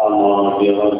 àwọn ọ̀dẹ̀rọ̀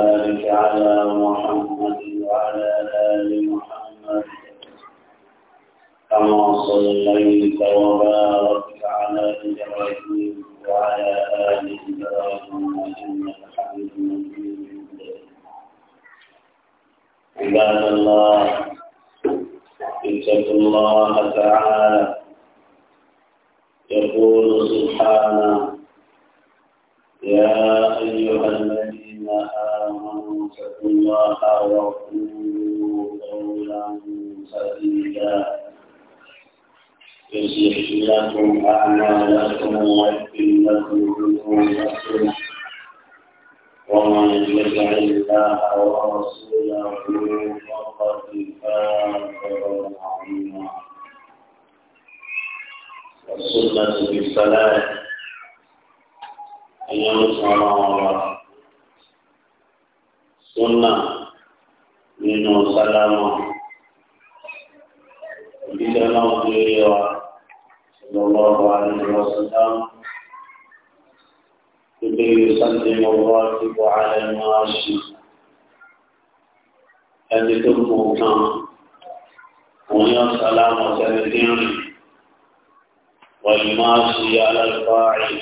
وبارك على محمد وعلى آل محمد كما صليت وباركت على إبراهيم وعلى آل إبراهيم إنك حميد مجيد عباد الله اتقوا الله تعالى يقول سبحانه يا أيها الذين آمنوا اتقوا الله وقولوا قولا سديدا يصلح لكم أعمالكم ويغفر لكم ذنوبكم ومن يطع الله ورسوله فقد فاز فوزا عظيما والسنة بالصلاة أن ينصر الله súnà nínú sálámà ìdílé náà tó yẹ wa lọ́wọ́ wa nínú sálámà ìdílé يسلم الراكب على الماشي ẹni tó kù kan òun yóò sálámà sẹ́ni tí ń rìn والماشي على القاعد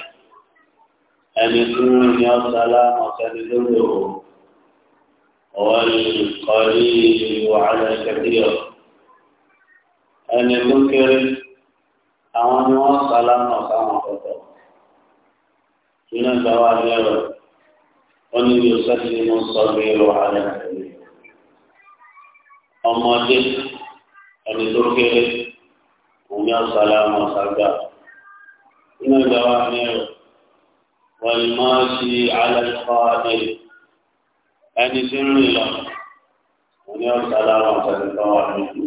ẹni tí ń rìn yóò sálámà sẹ́ni lórí òun. والقليل وعلى الكثير أن المنكر أن وصل مقام خطأ من الزواجر أن يسلم الصغير على الكبير أما جد أن تركه ومن السلام صدق من الزواجر والماشي على القادر ẹni tí ń rìn lọ wọn ni wọn ṣe aláwọ ọ̀sẹ̀ tó wà lójú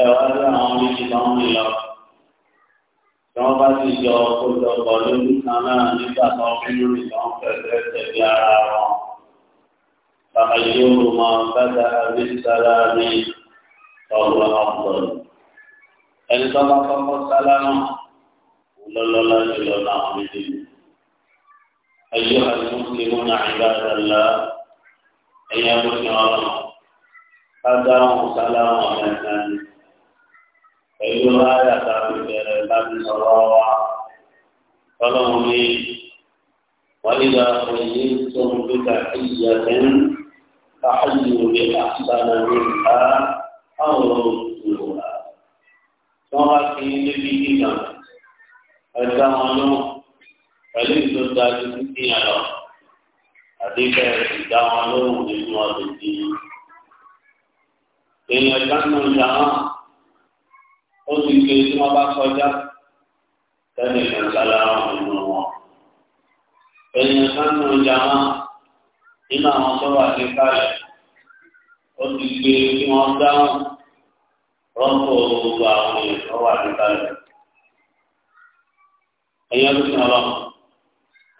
ẹ wá sí àwọn méjì tó ń rìn lọ tí wọn bá ti yọ kójọ pọ̀ lójú kan náà nígbà tó ń rìn rìn lọ ń fẹsẹ̀ tẹ̀lé ara wọn fàáyéwò máa bàtà àbísàlá ní ọgbà ọgbọ̀n ẹni tó bá kọ́kọ́ sálámà lọ́lọ́lá jùlọ náà méjì. أيها المسلمون عباد الله أيها المسلمون هذا سلام عليكم أيها يا تابعين الله فلهم وإذا حييتم بتحية فحيوا بأحسن منها أو ردوها. Sọ́wọ́n ti أيها المسلمون gíga ẹ̀dá wọn lóhùn. pẹ̀lú ìtọ́jú àti kíkìyàn lọ àti bẹ́ẹ̀ ìdáwọn lóhùn nínú ọdún tí èèyàn dánú ìdáná ó ti ké tí wọ́n bá kọjá tẹ́lẹ̀ ìkànsálà nínú wọn. èèyàn dánú ìdáná nínú àwọn tó wà ní káyọ̀ ó ti ké tí wọ́n dáhùn rọ́pò gbogbo àwọn èèyàn tó wà ní káyọ̀. èèyàn tó sìn ọlọ́run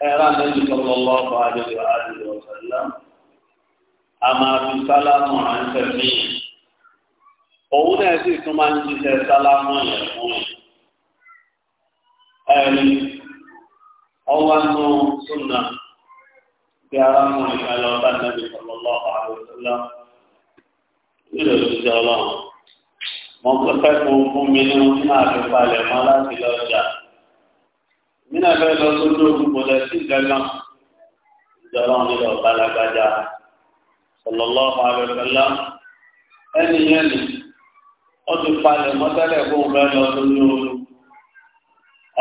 ẹ̀rọ àlejò sọ̀rọ̀ lọ́wọ́ àdéhùn àdéhùn ọ̀sẹ̀lá a máa fi sálámù ránṣẹ́ mí òun náà sì tún máa ń jíṣẹ́ sálámù yẹn fún ẹ̀rí ọwọ́ nù súnà bí arákùnrin kan lọ bá nàbì sọ̀rọ̀ lọ́wọ́ àdéhùn ọ̀sẹ̀lá nílò ìṣiṣẹ́ ọlọ́run mo fẹ́ kó fún mi nínú tí màá fi mọ́ láti lọ́jà nínú ẹ̀fẹ́ lọ sódò gbọdọ̀ sí gángan ìjọba wọn nílò balagbadza sọlọlọ àbẹ̀fẹ́lá ẹni yẹn ni wọ́n ti palẹ̀ mọ́tẹ́lẹ̀ fún un bẹ́ẹ̀ lọ sódò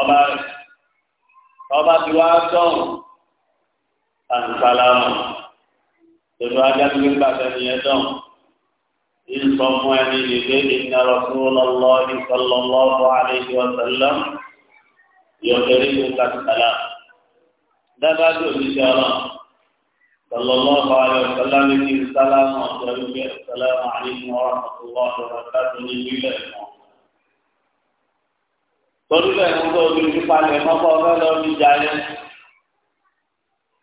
ọba rẹ̀ ọba ti wá sọ̀rọ̀ àǹfààní tòlú adágbé gbàgbé nìyẹn dán ìsọfún ẹni lè dé ìnáwó fún ọlọ́ọ̀lì sọlọ́lọ́ọ̀lù àlejò ọ̀sẹ̀ يغفر لك السلام دابا دول إشارة صلى الله عليه وسلم في السلام عليكم السلام عليكم ورحمة الله وبركاته لله torí bẹ́ẹ̀ mo tó ojú ti palẹ̀ mọ́kọ́ fẹ́ lọ bí jalè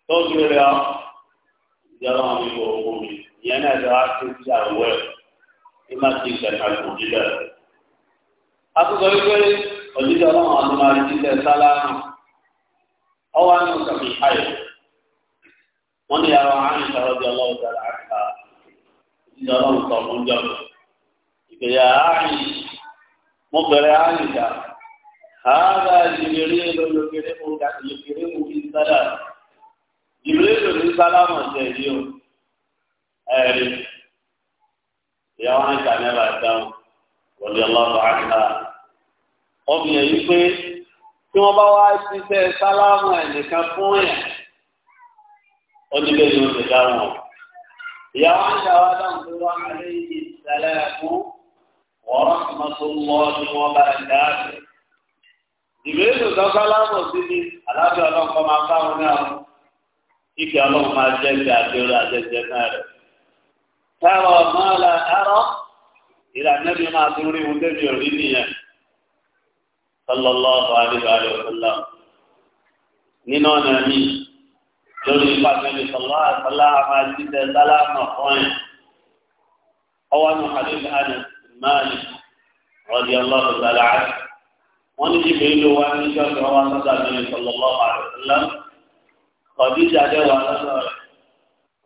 tó ju rẹ̀ ọ́ ìjọba wọn bí gbogbo mi ìyẹn náà lọ́wọ́ tó ti àwọ̀ ẹ̀ ní má ti gbẹ̀ka kò jí bẹ́ẹ̀. a tún sọ òjijì ọlọ́run àdúrà jíjẹ sálámù ọwọ́ àná sọ̀rọ̀ ayé wọ́n ní yàrá àánú sọ̀rọ̀ bí ọlọ́run sọ̀rọ̀ àkàtà òjijì ọlọ́run sọ̀rọ̀ fún jọ̀ọ́ ìgbéyà àánú mo bẹ̀rẹ̀ àánú dà hàrà jìbìrì ló yọkẹrẹ mo ga yọkẹrẹ mo fi sálà jìbìrì ló ọ̀sẹ̀ yìí o ẹ̀rí ìyàwó àánú sọ̀rọ̀ dáhùn wọ́n ní ọlọ́run àkàtà wọ́n fi hàn yí pé tí wọ́n bá wá ṣiṣẹ́ sálámù ẹnìkan fún yẹn oníbẹ̀ ni wọ́n ti dáhùn ọ̀. ìyàwó ń ṣe àwọn dáhùn tó wá kálẹ̀ yìí ìṣẹ̀lẹ̀ ẹ̀kú ọ̀rọ̀ mọ́tòmọ́ ni wọ́n bá ń dá sí. ìbéèrè tó sálámù sí ni aláàbẹ̀ ọlọ́kọ̀ máa bá wọn náà kíkẹ́ ọlọ́run máa jẹ́ ti àjẹrò àjẹjẹ náà rẹ̀. táwọn ọmọ ọ̀la ẹ̀rọ ìlànà mi máa tún rí wọn débi òrí nìyẹn sallallahu alaihi wa sallam nínú ọ̀nà mi lórí pàṣẹlẹ sọlá àtàlà máa jíjẹ sálámà fọyín ọwọ́ nù hadith Anas Malik radiyallahu ta'ala anhu wọ́n ní jìbìrì ló wá ní ṣọ́ọ̀ṣì ọwọ́ sọ́dọ̀ àbẹ̀rẹ̀ sallallahu alaihi wa sallam Khadija jẹ́ wà sọ́dọ̀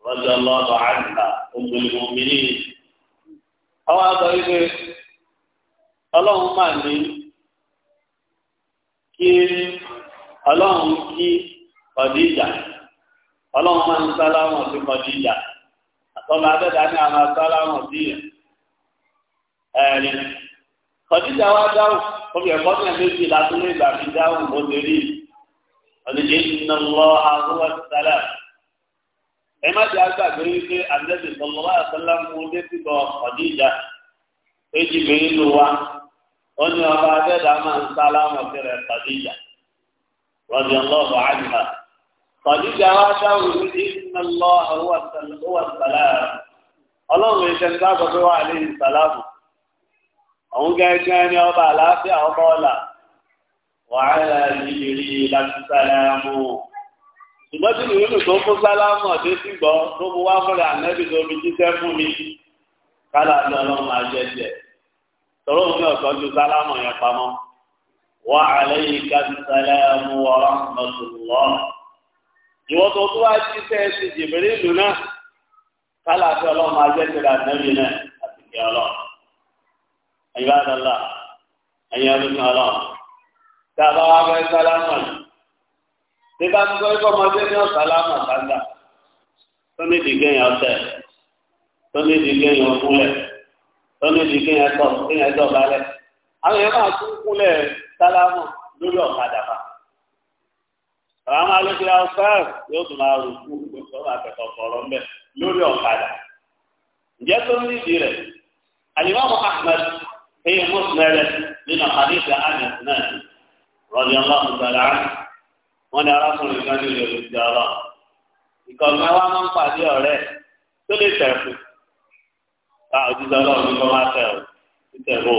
radiyallahu anha ummul mu'minin ọwọ́ àgbà yìí ọlọ́run máa ní. kí ọlọ́run kí Khadija ọlọ́run máa ń sálámọ̀ sí Khadija àtọ́lá abẹ́dá ní àwọn sálámọ̀ sí ẹ̀rín Khadija wá dáhùn omi ẹ̀kọ́ náà méjì látúndé ìgbà fi dáhùn bó ṣe rí ọ̀dẹ̀dẹ̀ iná lọ sálà ẹ má jẹ́ àgbàgbé wípé èjì bẹ́ẹ̀ ló ó ní ọba adẹ́dàá máa ń sálámọ̀ sí rẹ̀ kàdíjà rọ̀bì ọlọ́ọ̀bù àjùmá kàdíjà wá dáhùn ní ìsinmi lọ àwọn sàlámù ọlọ́run ìṣẹ́ ń wà ní ìsàlámù gẹ́gẹ́ ní ọba àlàáfíà ọba ọ̀la wàhálà láti ṣùgbọ́n tí tó fún ọ̀dẹ́ gbọ́ tó wá fúnra tó tọ́lọ́ ní ọ̀sán ju sálámù yẹn pamọ́ wà alayka sálámù wa rahmatullah ìwọ tó tó wá sí sẹ́ ṣe jìbìrì ìlú náà kálàfẹ́ ọlọ́run máa jẹ́ tẹ̀lé àtẹ́bí náà àti kí ọlọ́run ẹ̀yìn àdàlà ẹ̀yìn ọlọ́run ọlọ́run tá a bá sálámù yìí bí bá sọ pé ọmọdé ní ọ̀sálámù tó ní ìdígé yẹn ọ̀tẹ̀ tó ní ìdígé yẹn ọ̀kúnlẹ̀. lọ́nà ìdí kí yẹn tọ̀ kí yẹn àwọn yẹn tún kúnlẹ̀ sálámù lórí ọ̀kadà bá. àwọn máa ló kíra ọ̀sáàr yóò tún máa rò kú gbogbo ọ̀rọ̀ dị fọ̀rọ̀ lórí ọ̀kadà. ǹjẹ́ tó ń nídìí rẹ̀ ahmed nínú àdéhùn ahmed náà ọlọ́run gbàdá ni arákùnrin kan ní ìlú ìjọba a ah, òjijì ọlọ́run ní kọ́ máa tẹ̀ ọ́ títẹ̀ bò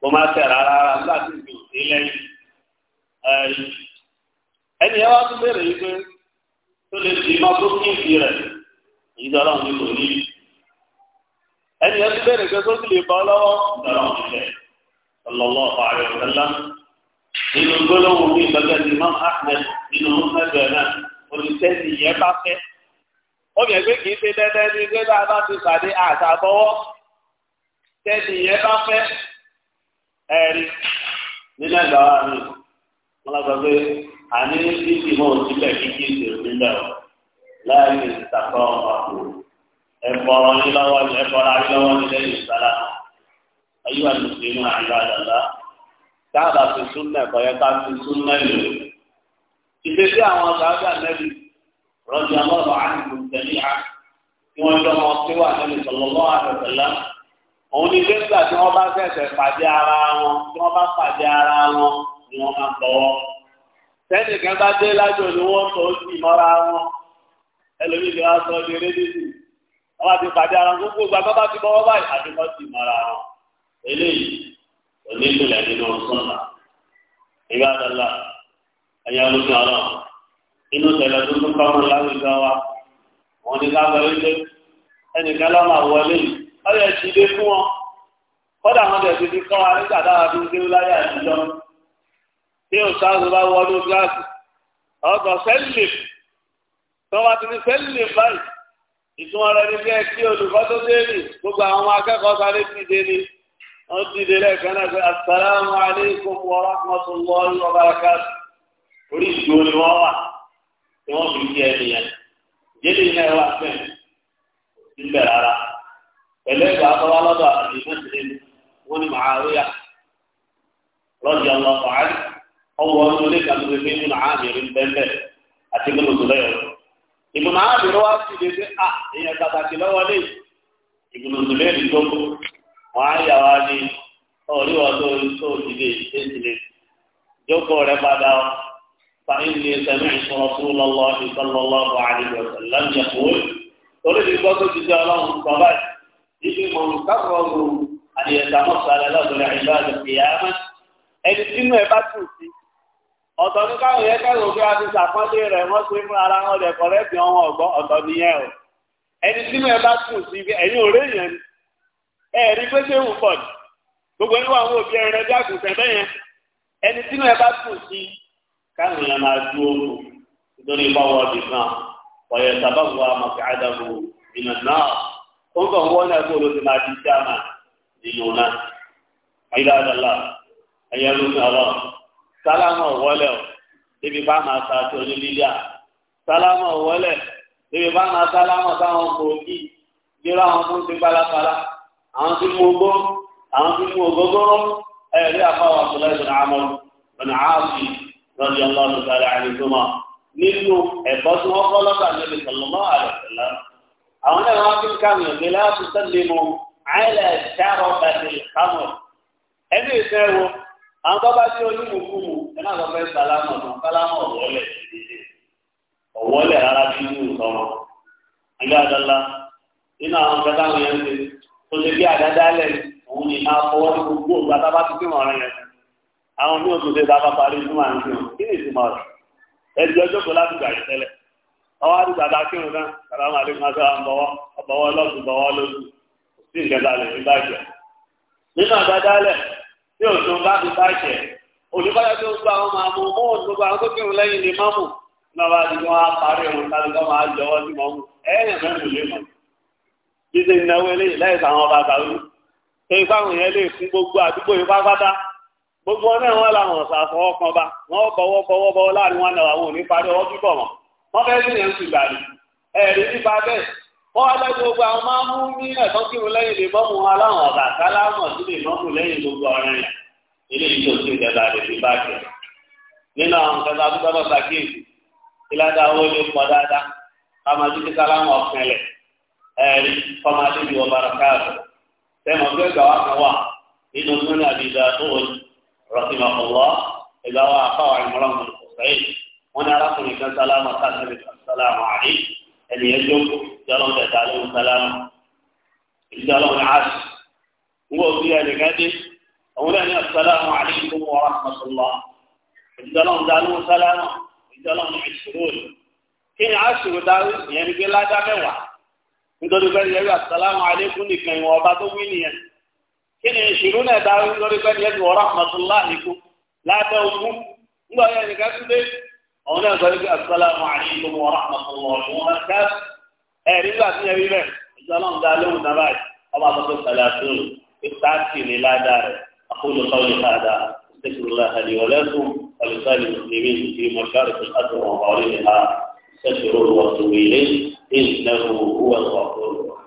kó máa tẹ̀ rárá nígbà tí ìgbò dé lẹ́yìn. ẹni ẹ wá tún béèrè yìí pé tó lè di iná tó kí ìdí rẹ̀ òjijì ọlọ́run ní kò ní. ẹni ẹ tún béèrè pé tó sì lè bọ́ lọ́wọ́ ìdọ̀rọ̀ ìṣẹ̀ ọlọ́lọ́ ọ̀rẹ́ ìṣẹ̀lá nínú gbólóhùn ní ìgbàgbẹ́ ó yẹ pé kì í ṣe dẹ́dẹ́ ní pé bá a bá ti pàdé àtàbọ̀wọ́ tẹ́lẹ̀ yẹn bá fẹ́ ẹ̀rí nílẹ̀ gbàrà mi wọn lọ sọ pé àní bíbí mọ́ òsínlẹ̀ kíkí ìṣèlú nílẹ̀ o láàyè ìtàkọ́ àpò ẹ̀fọ́rọ̀ yín lọ́wọ́ ní ẹ̀fọ́rọ̀ ayé lọ́wọ́ ní lẹ́yìn ìsàlá ayé wa mùsùlùmí àyè àdàlá káàbà fi súnmẹ̀ kọ́yẹ́ ká fi súnmẹ̀ lò ìdèdè àwọn sàájà nẹ́bí rọ́bì ọlọ́ọ̀bà àdìgbò tẹ̀lé à tí wọ́n jọ wọn pé wà lẹ́nu sọ̀lọ́lọ́ àtẹ̀tẹ̀lá. òun ní gbẹ́gbà tí wọ́n bá fẹ̀sẹ̀ pàdé ara wọn tí wọ́n bá pàdé ara wọn ni wọ́n máa tọwọ́. sẹ́nìkan bá dé lájọ ni wọ́n sọ ó sì mọ́ra wọn ẹlòmíì ni wọ́n sọ ní rédíìsì wọ́n bá ti pàdé ara wọn gbogbo àgbà bá ti bọ́wọ́ báyìí àti wọ́n sì mọ́ra wọn. eléyìí onílù lẹ́ni náà ìgbà àdàlà ẹ̀yà olóṣù ọlọ́run inú tẹ̀lẹ̀ tó tún kọ́mọ láwùjọ wa wọn ni ká gbọ́ wípé ẹnìkan lọ́mọ àwọlé yìí ọyọ ìṣìlẹ̀ fún wọn kọ́dà wọn tẹ̀sí ti kọ́ wa nígbà táwa fi ń dé láyé àtijọ́ tí o sáàsì bá wọlé gíláàsì ọkọ̀ sẹ́lẹ̀ tó bá ti ní sẹ́lẹ̀ báyìí ìtumọ̀ rẹ̀ ní kẹ́ kí olùkọ́ tó dé ní gbogbo àwọn akẹ́kọ̀ọ́ sáré ti dé ní wọ́n ti dé lẹ́ẹ̀kan náà pé asalaamu alaykum wa rahmatulahi wa barakatuh orí ìṣòro wọ́n wà. tí wọ́n fi jẹ́ ènìyàn jẹ́lẹ̀ iná ẹ̀wà bẹ́ẹ̀ níbẹ̀ rárá pẹ̀lú ẹ̀gbà akọ́wá lọ́dọ̀ àti ìmọ̀sílẹ̀ wọn ni màáríyà lọ́dì ọlọ́pàá àti ọwọ́ ọdún ilé kan bẹ́ẹ̀ àti lẹ́yọ̀ wá sí ah, pàtàkì lọ́wọ́ lé á yà wá ní ọ̀rí tó ti jókòó padà ọ́ فإني سمعت رسول الله صلى الله عليه وسلم يقول تريد قصة جلال الصلاة إذ من كرر أن يتمثل له العباد القيامة ẹni tínú ẹ bá tù sí ọ̀tọ̀ ní káwọn yẹn kẹ́rù pé a ti ṣàpọ́nlé rẹ̀ wọ́n ṣe fún ara wọn lẹ̀kọ́ lẹ́bi ọmọ ọ̀gbọ́n ọ̀tọ̀ nìyẹn o ẹni tínú ẹ bá tù sí ẹ̀yin òré yẹn ni ẹ̀rí pé ṣé wù pọ̀ gbogbo ẹni wà òbí ẹ̀rẹ́ bí àgùntàn bẹ́yẹn ẹni tínú ẹ bá tù sí káwọn èèyàn máa dú oògùn nítorí báwọ ọdún kan ọ̀yẹ̀ sábàbọ̀ àmọ̀kẹ́ àdàbò ìnà náà ó ń bọ̀ wọ́n náà kó ló máa di jáàmà nínú náà ayílá àdàlà ẹ̀yẹ ló ń sọ̀rọ̀ sálámà ọ̀wọ́lẹ̀ ọ̀ débi bá máa sa àti oní lílíà sálámà ọ̀wọ́lẹ̀ débi bá máa sálámà táwọn kò kí gbéra àwọn tó ń ti pálapàla àwọn tí mú ogbó àwọn tí mú ogógóró ẹ̀rí àfáwọn àbúlá ìbùnà àmọ́ ìbùnà ààbì lọ́dí ọlọ́run sáré àlejòmọ́ nínú ẹ̀kọ́ tí wọ́n kọ́ lọ́dọ̀ àlejò sọ̀lọ́mọ́ àlejòlá. àwọn náà wọ́n fi ń kàwé òkè láti sẹ́lẹ̀ mu àìlẹ̀ ṣàrọ̀ bàtì kámọ̀. ẹni ìfẹ́ wo àwọn tó bá tí onímùkúmu ẹ náà lọ fẹ́ sálámọ̀ náà sálámọ̀ ọ̀wọ́lẹ̀ ọ̀wọ́lẹ̀ rárá bí inú sọ̀rọ̀. ilé adọ́lá nínú àwọn kẹta wọn yẹn ń ṣe tó ṣe bí àdádálẹ̀ òun ni máa fọwọ́ ní gbogbo ògbà tá a bá ti fi wọn rẹ̀ yẹn àwọn mí òkú ṣe dábàá parí ní màá ń fi hàn kí ni ìtumọ̀ rẹ̀ ẹ̀dì ọjọ́ kò láti gbà yìí tẹ́lẹ̀ ọwọ́ àdìgbà bá kírun náà sàlámù àdìgbà sọ́ra ń bọ̀wọ́ ọ̀bọ̀wọ́ lọ́sùn bọ̀wọ́ lóṣù sí ìkẹta lè fi bàjẹ́ nínú àgbàdálẹ̀ tí òṣùn bá fi bàjẹ́ olùkọ́lá tó ń gbà wọn máa mú mú òṣùn gbà wọn tó kírun lẹ́yìn lè má mú náà wá di wọn á parí òun tàbí kọ́ máa jọwọ́ sí mọ́ mú ẹ̀yìn mẹ́rin lè mọ̀ bí ṣe ìnáwó eléyìí láì sàwọn ọba àtàwọn ṣe ìfáwọn yẹn lè fún gbogbo àdúgbò yìí pátápátá gbogbo ọ̀nà ìwọ̀n làwọn ọ̀sà àfọwọ́ bá wọ́n bọ̀wọ́ bọ̀wọ́ bọ̀wọ́ láàrin wọn náà àwọn òní parí ọwọ́ wọn gbogbo àwọn máa ń mú ní ẹ̀tọ́ kí wọn lẹ́yìn lè mọ́mú wọn ọ̀gá kálámọ̀ sí lè mọ́mú lẹ́yìn gbogbo ọ̀rẹ́ yẹn ilé ìjọ sí ìjọba rẹ̀ ti bá jẹ nínú àwọn kẹta رحمه الله إذا وقع عمران بن حسين هنا رقم سلام قال السلام عليك أن يجب جرم تعلم سلام جرم العاش هو في هذه أولا السلام عليكم ورحمة الله جرم تعلم سلام جرم عشرون كن عشر داوي يعني كلا دموا nítorí bẹ́ẹ̀ yẹ́rù àsàlámù aláìkùm nìkan ìwọ̀n ọba tó wí kí ni ìṣèlú náà dá lórí pẹ́ẹ́ni ẹ̀sìn wọ́n rahmatullah nìkú lábẹ́ òkú ńgbà yẹn nìkan tún dé ọ̀hún náà sọ wípé asalaamu alaykum wa rahmatullahi wa barakatuh ẹ̀rí nígbà tí yẹn wí bẹ́ẹ̀ ìṣọ́nà ń dá lóhùn náà báyìí ọba àkọ́kọ́ sàlàtún ìtàkì ní ládàá rẹ̀ àkójọ káwọn ìfàdà ìṣèkúrúlá àdìwọ̀lẹ́kùn àlùfáàlì mùsùlùmí ti mọ̀ṣáré àtọ̀wọ̀n ọ̀rẹ́ ìhà ìṣẹ́kúrú wọ̀tún ilé ìṣẹ́kúrú wọ̀tún ọ̀rọ̀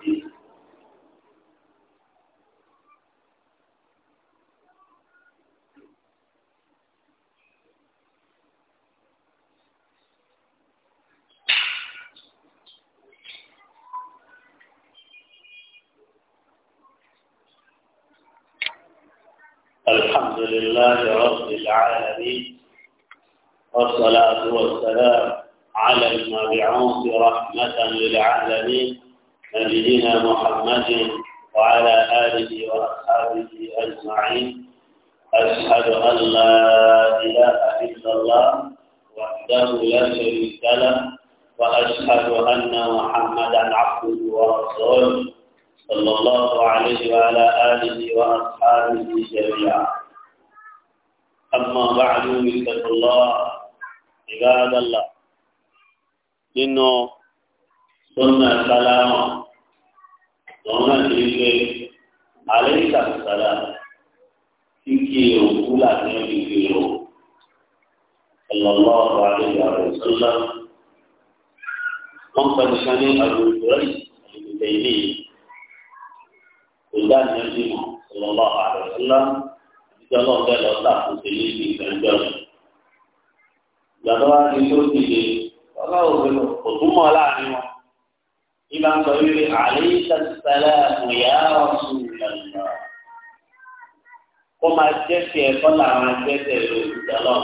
والصلاة والسلام على المبعوث رحمة للعالمين نبينا محمد وعلى آله وأصحابه أجمعين أشهد أن لا إله إلا الله وحده لا شريك له وأشهد أن محمدا عبده ورسوله صلى الله عليه وعلى آله وأصحابه جميعا أما بعد فاتقوا الله عباد الله nínú sọ́nà sálámà lọ́wọ́n náà ti rí pé alẹ́ ìsàkùsàlà kíkí òkú láti ẹbí ìrò ọlọ́lọ́ ọ̀rọ̀ àdéhùn àrùn sọ́nà wọ́n pẹ̀lú kan ní àrùn ìrọ̀lì àlùbẹ̀ ilé kò dá ní ẹbí mọ́ ọlọ́lọ́ àrùn sọ́nà ìjọba ọ̀gá ẹ̀ lọ́ta kò sí ní ìgbàgbọ́ rẹ̀ gbàtọ́ wá ní tó ti lè bàbá òfin kò túmọ̀ láàrin wọn ìbá ń sọ wípé àlẹ́ sàtìsàlẹ̀ àmúyá ọ̀sùn ìlànà kó máa jẹ́ sí ẹ̀kọ́ làwọn ẹgbẹ́sẹ̀ ló ti dàlọ́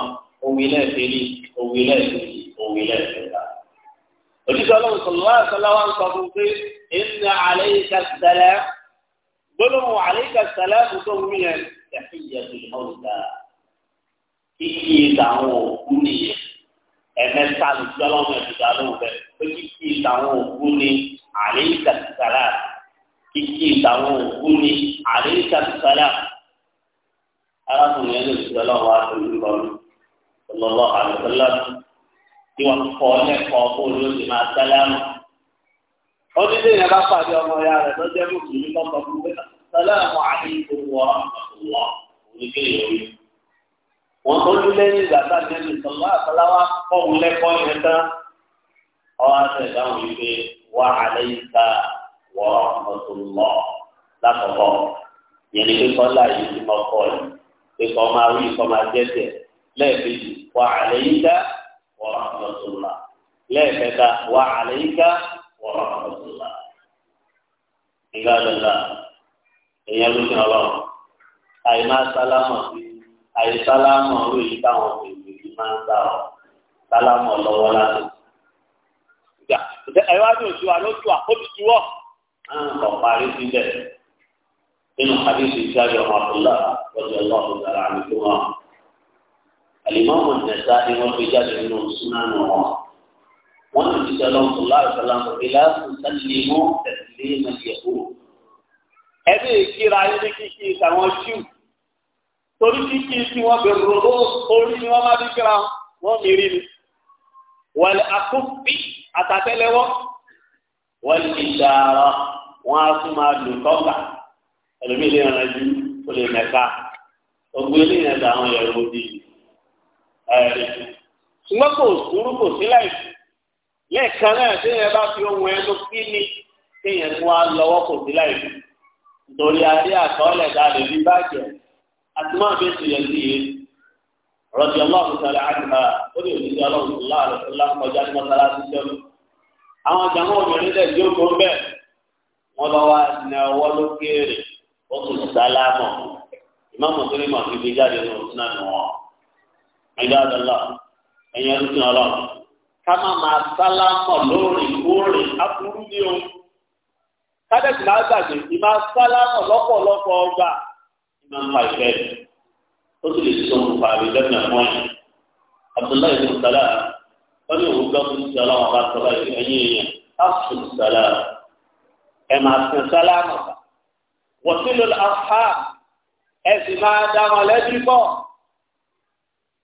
òwe lẹ́ẹ̀fẹ́lì òwe lẹ́ẹ̀fẹ́lì òwe lẹ́ẹ̀fẹ́lá. òṣìṣẹ́ ọlọ́run sọ̀rọ̀ wá sọ́lá wá ń sọ fún pé ìnà àlẹ́ sàtìsàlẹ̀ gbólóhùn àlẹ́ sàtìsàlẹ̀ àtúntò wúyẹn kẹfì yẹ kí ìyẹ ẹ̀mẹ́ta lùtí ọlọ́run ẹ̀dùdà lóhùn bẹ́ẹ̀ pé kíkí ìtàwọn òkú ni àlẹ́ ìtàkùsàlà kíkí ìtàwọn òkú ni àlẹ́ ìtàkùsàlà arákùnrin ẹ̀dùn ìtàkùsàlà ọlọ́run wa ló ń bọ̀ lọ́lọ́ àlùsọ́lá tí wọ́n kọ́ lẹ́kọ̀ọ́ kó ló ti máa sálámù. onílé yẹn bá pàdé ọmọ ya rẹ̀ lọ́jọ́ mùsùlùmí kọ́kọ́ fún pé sálámù àlẹ́ ìtòwọ́ ọ̀rọ̀ wọn tó dúlé ní ìgbàgbà nẹ́ẹ̀mí sọlá àtàláwá kọ́ọ̀hún lẹ́kọ́ yẹn tán ọwọ́ àti ìdáhùn yìí pé wà á lẹ́yìn ká wọ ọ̀túnlọ́ lákọ̀ọ́kọ́ yẹn ni pípọ́ láàyè tí mo kọ́ ẹ̀ pípọ́ máa wí kọ́ máa jẹ́jẹ́ lẹ́ẹ̀kejì wà á lẹ́yìn ká wọ ọ̀túnlọ́ lẹ́ẹ̀kẹta wà á lẹ́yìn ká wọ ọ̀túnlọ́ ìgbàlódà èèyàn ló ti ọlọ́run àyè máa sálámọ̀ sí àìsálámọ̀ ọ̀rọ̀ yìí táwọn èèyàn yìí máa ń dá ọ sálámọ̀ lọ́wọ́ láti. ẹ wá ní oṣù àlójú àkójútù wọ̀ ọ̀ parí síbẹ̀ nínú àdéhùn ìjáde ọmọ àbúlá lọ́jọ́ ọlọ́run dára àmì tó wọn. àlìmọ́ọ̀mù nẹ̀ta ni wọ́n fi jáde nínú súnámù wọn. wọ́n ti ti sẹ́lọ̀ ọ̀tọ̀lá ìsàlámù ìlà ìsàlímù tẹ̀sílẹ̀ nàìjíríà torí kí kí tí wọ́n bẹ̀rù rògbò orí ni wọ́n máa fi kíra wọ́n mìíràn ni wàlẹ̀ àkófì àtàtẹ́lẹ́wọ́ wàlẹ̀ ìdára wọ́n á tún máa lò kọ́ńtà ẹlòmíì lè rìn ju ó lè mẹ́ka ọgbẹ́ lè àwọn ẹ̀rọ òdì ẹ̀rì ṣùgbọ́n kò sùúrù kò sí láì lẹ́ẹ̀kan náà tí yẹn bá fi ohun ẹnu kí ni tí yẹn tún á lọ́wọ́ kò sí láì nítorí adé àkọọ́lẹ̀ dáadé bí bàjẹ́ Asma bint Yazid radiyallahu ta'ala anha ó lè ní ìyàlọ́ ìṣúlá rẹ̀ ńlá kọjá ní mọ́tàlá ṣiṣẹ́ mu. àwọn jàmọ́ obìnrin dẹ̀ jókòó ń bẹ̀ wọ́n lọ wá ní ọwọ́ lókèèrè ó tún sálámọ̀ ìmáàmù tó ní mọ̀ fi fi jáde ní òtún náà nù wọn. ẹ̀yà àdàlà ẹ̀yà tuntun ọlọ́run ká má máa sálámọ̀ lóòrèkóòrè aburú ní o. kábẹ́ẹ̀tì máa gbàgbé ìmáa sálámọ̀ lọ́pọ̀lọpọ̀ ọgbà máa ń fa ìfẹ́ ó sì lè sọ òun fa ìdẹ́gbẹ̀rún ẹ̀fọn yìí abdullahi bin salam wọ́n ní òun gbọ́ fún ìṣẹ́ ọlọ́run bá sọ báyìí ẹ̀yìn èèyàn afṣun salam ẹ̀ máa sin salam ọ̀sà wọ́n sì lọ afá ẹ̀ sì máa dá wọn lẹ́bí bọ̀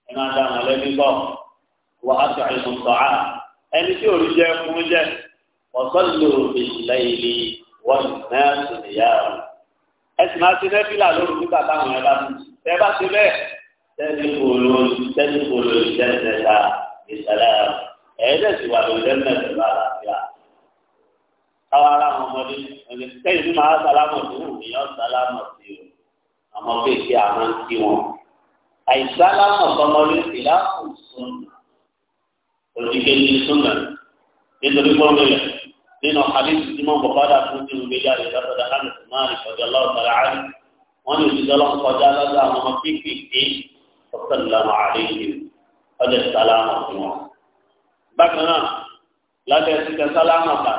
ẹ̀ máa dá wọn lẹ́bí bọ̀ wọ́n á sọ àìsàn sọ̀á ẹni tí òun jẹ́ fún jẹ́ ọ̀sán lòrò ìlẹ́yìn wọ́n náà sì nìyá ẹsìn máa ṣe nẹ́fìlà lórí nígbà táwọn ẹ̀ bá ti ẹ bá ṣe bẹ́ẹ̀ tẹ́lẹ̀ kòló tẹ́lẹ̀ kòló tẹ́lẹ̀ ta ìṣẹ̀lẹ̀ ẹ̀ẹ́dẹ̀sì wà lórí lẹ́mẹ̀ẹ́dẹ̀ bá àlàáfíà. káwọn ará àwọn ọmọdé ẹni kẹ́yìn ní màá sálámọ̀ tó wù mí yàn sálámọ̀ sí o àmọ́ bẹ́ẹ̀ kí ń kí wọn. àìsálámọ̀ tọmọdé ìlà kò sọnù òdìgẹ́ ní sọnù nítorí pọ́ńdọ̀lẹ̀ nínú àdéhùn tí wọn bọ̀kọ́ dà fún tìǹbù méjì àti ìdásọ̀dá hàmì sùmáàlì ọ̀dọ̀ aláwọ̀ tàrà áyì wọn ní òṣìṣẹ́ lọ́n kọjá lọ́dọ̀ àwọn ọmọ kéékèèké ọ̀sẹ̀lámù àdéhùn ọ̀dẹ̀ sálámù fún wọn. bákan náà lábẹ́ ṣiṣẹ́ sálámù ọ̀tà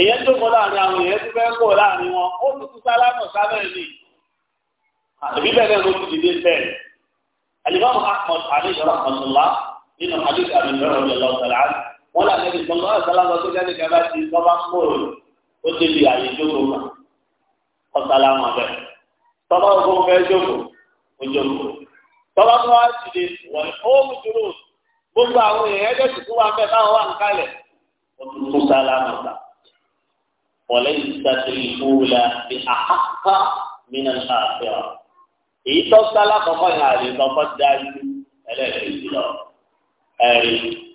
èyẹ tó kọ láàrin àwọn èyẹ tó fẹ́ kọ láàrin wọn ó tutù sálámù sábẹ́ mi àbí bẹ́ẹ̀ ló ti dìde bẹ́ẹ̀ alimami ahmed alayhi rahmatulah nínú àdéhùn àmì wọn là níbi sọlọ ọsàlámà tó jáde kẹfà ti sọba kóòlù ó débi àyè jókòó ma ọsàlámà bẹ sọba ògùn fẹ jókòó ó jókòó sọba tó wá ti di wọn ó mú dúró gbogbo àwọn èèyàn ẹgbẹ́ tuntun wa fẹ́ báwọn wà ń kalẹ̀ ó tún wọlé ìsàtì ìfowópamọ́ ní àhàkà mìíràn àfẹ́ràn èyí tó sálámà kọ́kọ́ yẹn àlè lọ́kọ́ dájú ẹlẹ́ẹ̀kejì lọ ẹ̀rí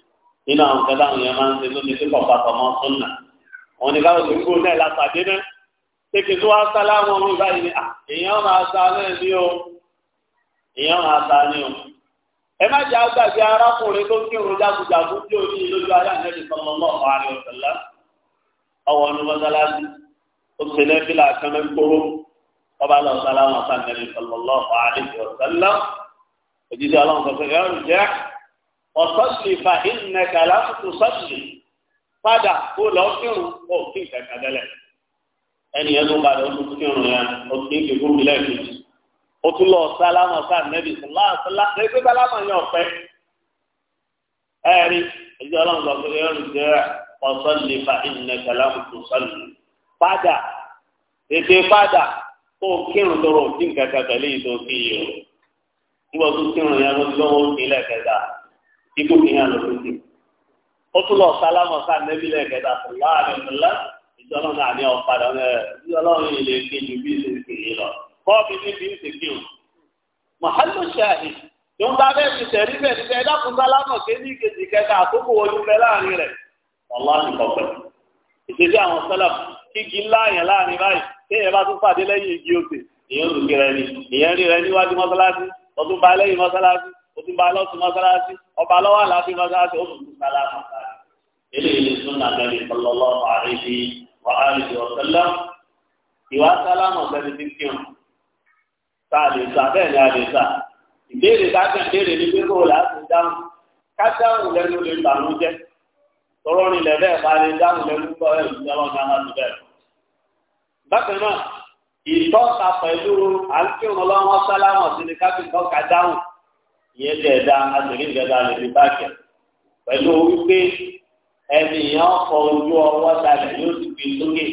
nínú àwọn kẹta àwọn yẹn máa ń ṣe tó ti sí pọ̀pọ̀ àtọ̀mọ́ súnà wọn ni káwọn òṣèlú náà látàdé náà tètè tó wá sá láwọn ọmọ ìbáyìí ni èèyàn máa sá náà ní o èèyàn máa sá ní o. ẹ má jẹ́ àgbàgbé arákùnrin tó kírun jágujàgu tí ò ní lójú ayé àjẹjì sọmọ náà wà ní ọ̀sẹ̀lá ọwọ́ ọdún mọ́sálásí ó ṣe lẹ́fílà kánmẹ́ gbóró ọba lọ sá ọ̀sọ́sì fa ìnẹ̀kà lásìkò sọ́sì padà kó lọ kírun ó kí ìkàkà dẹ́lẹ̀ ẹni ẹ̀ ló ń balẹ̀ ó tún kírun yẹn ó kí ń kíkún mi lẹ́ẹ̀kejì ó tún lọ sálámà sáà nẹ́bí sọláàsọlá ẹgbẹ́ sálámà yẹn ọ̀pẹ́ ẹ̀rí ẹjọ́ ọlọ́run sọ pé ẹ̀rù jẹ́ ọ̀sọ́sì fa lásìkò sọ́sì padà tètè padà kó kírun tó rò kí ìkàkà dẹ́lẹ̀ yìí ikú kìíní àlọ́ tó ti. ó tún lọ sálámọ̀ sáà nẹ́bí lẹ́ẹ̀kẹta fún láàrin ńlá ìjọba náà ní ọ̀padà ọ̀nà bí ọlọ́run ilé kejì bí ìsèké yìí lọ. kọ́ọ̀bì ní bí ìsèké o. mọ̀hálù ṣáàhì tó ń bá bẹ́ẹ̀ fi tẹ̀rí bẹ́ẹ̀ ti tẹ̀ dákun sálámọ̀ kéjì kejì kẹta àkókò ojú bẹ láàrin rẹ̀. ọlọ́run kọ̀ọ̀pẹ̀. ìṣèjì àwọn sọ́lá kígi láàyàn láàrin báyìí téèyàn bá tún pàdé lẹ́yìn igi òkè èèyàn lù kí rẹ ni èèyàn rí rẹ níwájú mọ́sálásí ọdún bá lẹ́yìn mọ́sálásí ó ti ba lọ́sùn mọ́sálásí ọba lọ́wọ́ àlàáfíà mọ́sálásí ó tún kú sálámà eléyìí sunna nabi sallallahu alaihi wa alihi wa sallam ìwà sálámà ọ̀gbẹ́ni ti kírun tá a lè sá bẹ́ẹ̀ ni a lè sá ìbéèrè káàkiri ìbéèrè ní pé kó o láti dáhùn ká dáhùn lẹ́nu lè bàánú jẹ́ tọrọ nílẹ̀ bẹ́ẹ̀ bá lè dáhùn lẹ́nu kọ́ ẹ̀ ìjọba náà láti bẹ́ẹ̀. bákan náà ìtọ́ka pẹ̀lú àńkírun ọlọ́wọ́ sálámà sí ni ká fi tọ́ka dáhùn ìyẹn lè da àtẹ̀lé ìjọba lè fi bàjẹ́ pẹ̀lú wípé ẹni yẹn ọkọ ojú ọwọ́ dalẹ̀ yóò ti fi sókè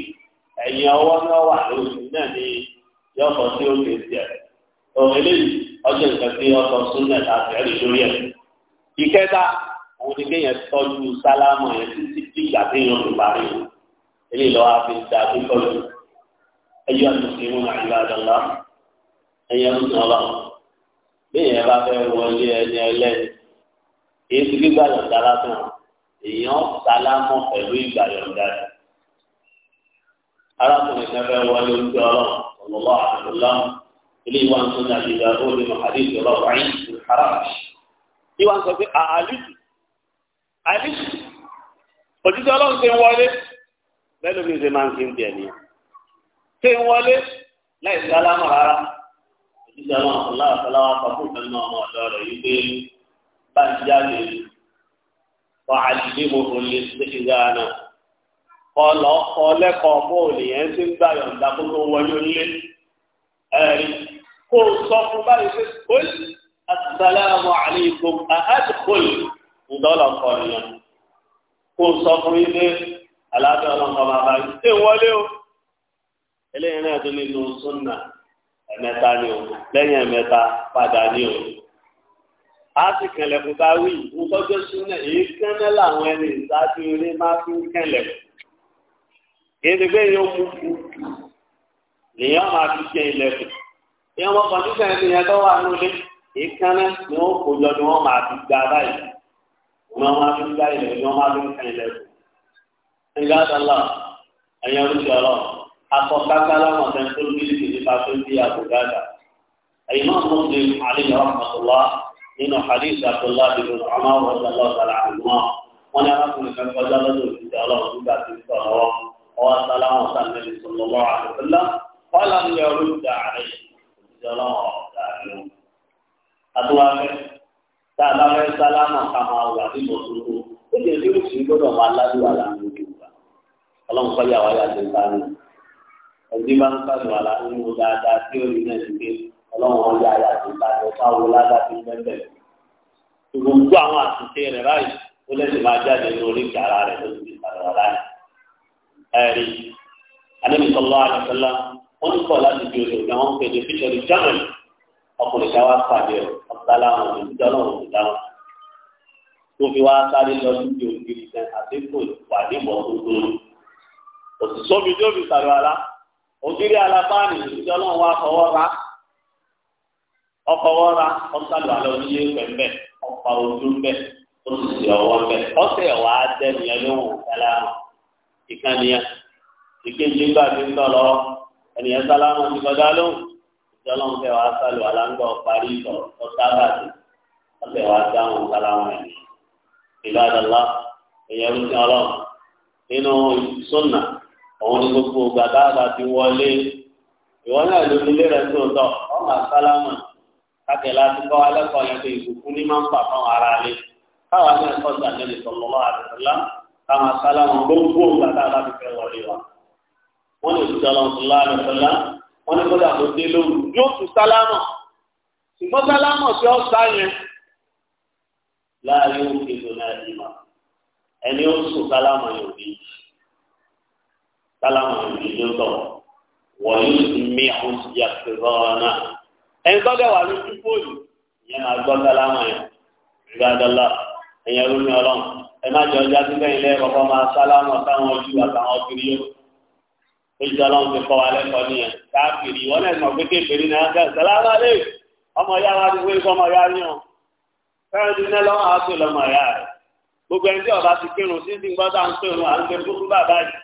ẹ̀yìn ọwọ́ náà wà lóṣù náà ni yóò kọ sí òkè tiẹ̀ òun eléyìí ọjọ́ nǹkan tí ọkọ̀ súnlẹ̀ àti ẹ̀rí lórí ẹ̀ ìkẹta òun ni kéèyàn tọ́jú sálámù yẹn títí tí ìgbà téèyàn parí wọn eléyìí lọ́wọ́ àfi da tó tọ́jú ẹ̀yọ́ àti mùsùlùmí àti béèyàn bá fẹ́ wọlé ẹni ẹlẹ́ni èyí ti gbígbà yọ̀ǹda lásán èèyàn sálámọ̀ pẹ̀lú ìgbà yọ̀ǹda rẹ̀. arákùnrin kan fẹ́ wọlé ojú ọlọ́run ọ̀lọ́lọ́ àdúrà ilé ìwà ń tún nàbí ìgbà ó lè mọ àdéhùn ọlọ́run ayé ìlú haram. ìwà ń sọ pé àlùjù àlùjù òjijì ọlọ́run ti ń wọlé bẹ́ẹ̀ ló fi máa ń kí ń tiẹ̀ nìyẹn. ti ń wọlé láì sálámọ̀ rárá níṣẹ́ ọlọ́run àfọlá àfọlá wa sọ fún ìfẹ́ náà ọmọ ọ̀dọ́ rẹ̀ yìí pé bá ń jáde wà á ti dé gbogbo lè ṣe ìdáná kọlọ ọlẹ́kọ̀ọ́ bóòlì yẹn ti ń gbà yọ̀ǹda kó tó wọlé onílé ẹ̀rí kó o sọ fún báyìí pé ó yìí asalaamu aleykum ahadukul ndọlọ kọlọ kó sọ fún yín pé aláàbẹ ọlọ́nkọ máa bá ṣé wọlé o eléyìí náà tó nínú sunna ẹ̀mẹ́ta ni o lẹ́yìn ẹ̀mẹ́ta padà ni o. a sì kẹlẹ̀kùn ká wí ìfúntọ́jọ́ súnà èyí kẹ́mẹ́ làwọn ẹni ìsáájú eré máa fi ń kẹlẹ̀kùn. èdè pé yóò mú kú nìyẹn máa fi ṣe ilẹ̀kùn. ìyẹn wọn kàn nígbà yẹn nìyẹn tó wà nílé ìkànnì ni wọn kò jọ ni wọn máa fi gba báyìí wọn máa fi gba ilẹ̀kùn ni wọn máa fi ń kẹ́ ilẹ̀kùn. ìgbà àtàlà ẹ̀yẹ olùsọ̀rọ̀ akọ kákálá wọn tẹ̀ ń tó bí pàtóbi àbùdàdà àyìnbá Muslim alayhi rahmatullah nínú hadith Abdullah bin Umar radiyallahu ta'ala anhuma wọn ní arákùnrin kan kọjá lọ́dọ̀ òṣìṣẹ́ Ọlọ́run nígbà tí ń sọ lọ́wọ́ ọwọ́ sálá wọn sá níbi sallallahu alaihi wasallam fọlá ń yọ orí ìjà àárẹ òṣìṣẹ́ Ọlọ́run ọ̀gá àárẹ àtúwáfẹ tá a bá fẹ́ sálá náà ká máa ẹbí máa ń sàlù àlá nínú dáadáa tí ó rí náà ti gbé ọlọ́run ọjà àyà tó tàbí káwọ ládàá ti gbẹ́bẹ̀. gbogbo àwọn àtúnṣe rẹ̀ báyìí ó lẹ́sìn máa jáde ní oríkì ara rẹ̀ ló ti di sàlù àlá yìí. ẹ̀rí anábì sọlọ́ wọ́n ń kọ̀ láti di oṣù kan wọ́n ń pèjọ fíṣọ̀rì german ọkùnrin kan wá pàdé ọ̀sálámù ìdíjọ́lọ́run ìdáhùn tó fi wá sáré lọ sí ti òkè ìsẹ́ àdínkù pàdé ìbọn gbogbo òṣìṣọ́ ògiri alábáàní ìdíje ọlọ́run wa fọwọ́ ra ọfọwọ́ ra ọ̀sálù alẹ́ oníyé pẹ̀mbẹ́ ọ̀pá ojú mbẹ́ tó sì ṣe ọwọ́ mbẹ́ ọ̀sẹ̀ wà á dẹ́nu ẹ lóhùn sálámù ìkànnìyà ìkejì gbà tí ń tọ̀ lọ ẹnìyẹn sálámù ti kọjá lóhùn ìdíje ọlọ́run fẹ́ wà á sálù aláǹgbọ̀ parí ìtọ̀ ọ̀sábàtì ọ̀sẹ̀ wà á sálámù ẹ̀ òun ni gbogbo gbàgbà àbàtì wọlé ìwọ náà ló ní ilé rẹ tó tọ ọmọ àsálámà kákẹ́lá ti kọ́ alẹ́kọ̀ọ́ yẹn pé ìbùkún ní máa ń fà fáwọn ará lé káwọn náà kọ́ sí àtẹ́lẹ̀ sọ̀lọ́lọ́ àdìsọ́lá káwọn àsálámà gbogbo gbàgbà àbàtì fẹ́ wọlé wa wọ́n ní òṣìṣẹ́ ọlọ́sọ̀lá àdìsọ́lá wọ́n ní kọ́lá tó dé lóru yóò tún sálámà ṣùgbọ́n sálámà tí ó sá yẹn láàrin òkè lónà ìmọ̀ ẹni ó sùn sálámà yóò ní sálámù ìdílé sọ wọ́n yóò mi àwọn ìyá pẹ̀lú ọ̀nà. ẹni tó bẹ̀ wà lójú bóòlù ìyẹn máa gbọ́ sálámù yẹn ìgbàdàlà ẹ̀yẹn ló ní ọlọ́run ẹ má jẹ ọjà síbẹ̀ ilé kọ́kọ́ máa sálámù sáwọn ojú àtàwọn kiri yó. ojú ọlọ́run ti kọ́ wa lẹ́kọ̀ọ́ nìyẹn káàkiri wọn náà gbogbo ẹni tí ọba ti kírun sí ti gbọ́dọ̀ à ń tó ìrún à ń gbé gbogbo bàbá yìí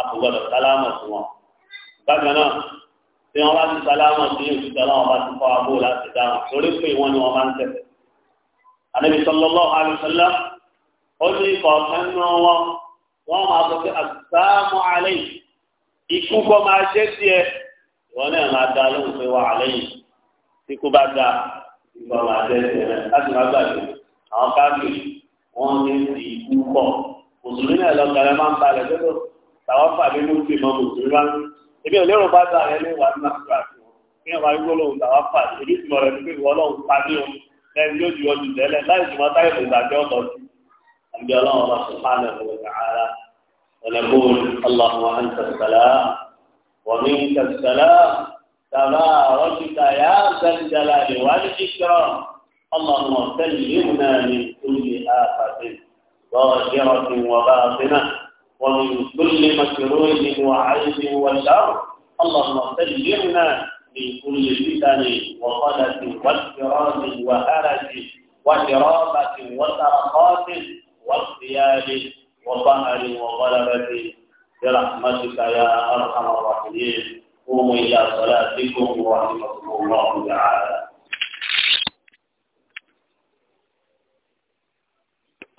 àkùgbọ́dọ̀ sálámà sí wọn. bákan náà tí wọ́n bá ti sálámà sí òṣìṣẹ́ ọlọ́wọ́n bá ti kọ́ abó láti dáhùn torí pé wọ́n ni wọ́n máa ń tẹ̀lé. ànábi sallallahu alaihi wasallam ó ní kọ̀ọ̀kan náà wọn wọ́n máa sọ pé àtàmú alẹ́ yìí ikú kọ́ máa ṣe sí ẹ ìwọ náà máa da lóhùn pé wà alẹ́ yìí tí bá da ìgbà máa ṣe sí ẹ láti má gbàgbé àwọn káàkiri wọ́n ní ikú kọ́ òṣèlú náà lọ́kàrẹ́ tàwọn fàmí mú sí mọ mùsùlùmí wá ebi ò lérò bá dà rẹ ní wàá nà fúra sí wọn kí wọn máa gbọ́ lóhùn tàwọn fà èmi sì mọ rẹ pé ìwọ lọ́hùn pa ní o lẹ́yìn yóò ju ọdún tẹ́lẹ̀ láì jùmọ̀ táyé kò gbàgbé ọ̀tọ̀ sí àbí ọlọ́run bá sọ fáànà ìwọ tààrà ونقول اللهم أنت السلام ومنك السلام تباركت يا ذا الجلال والإكرام من كل آفة ظاهرة وباطنة ومن كل مكروه وعيب وشر اللهم سلمنا من كل فتن وخلف واضطراب وهلك وشرابة وسرقات واغتيال وقهر وغلبة برحمتك يا أرحم الراحمين قوموا إلى صلاتكم ورحمكم الله تعالى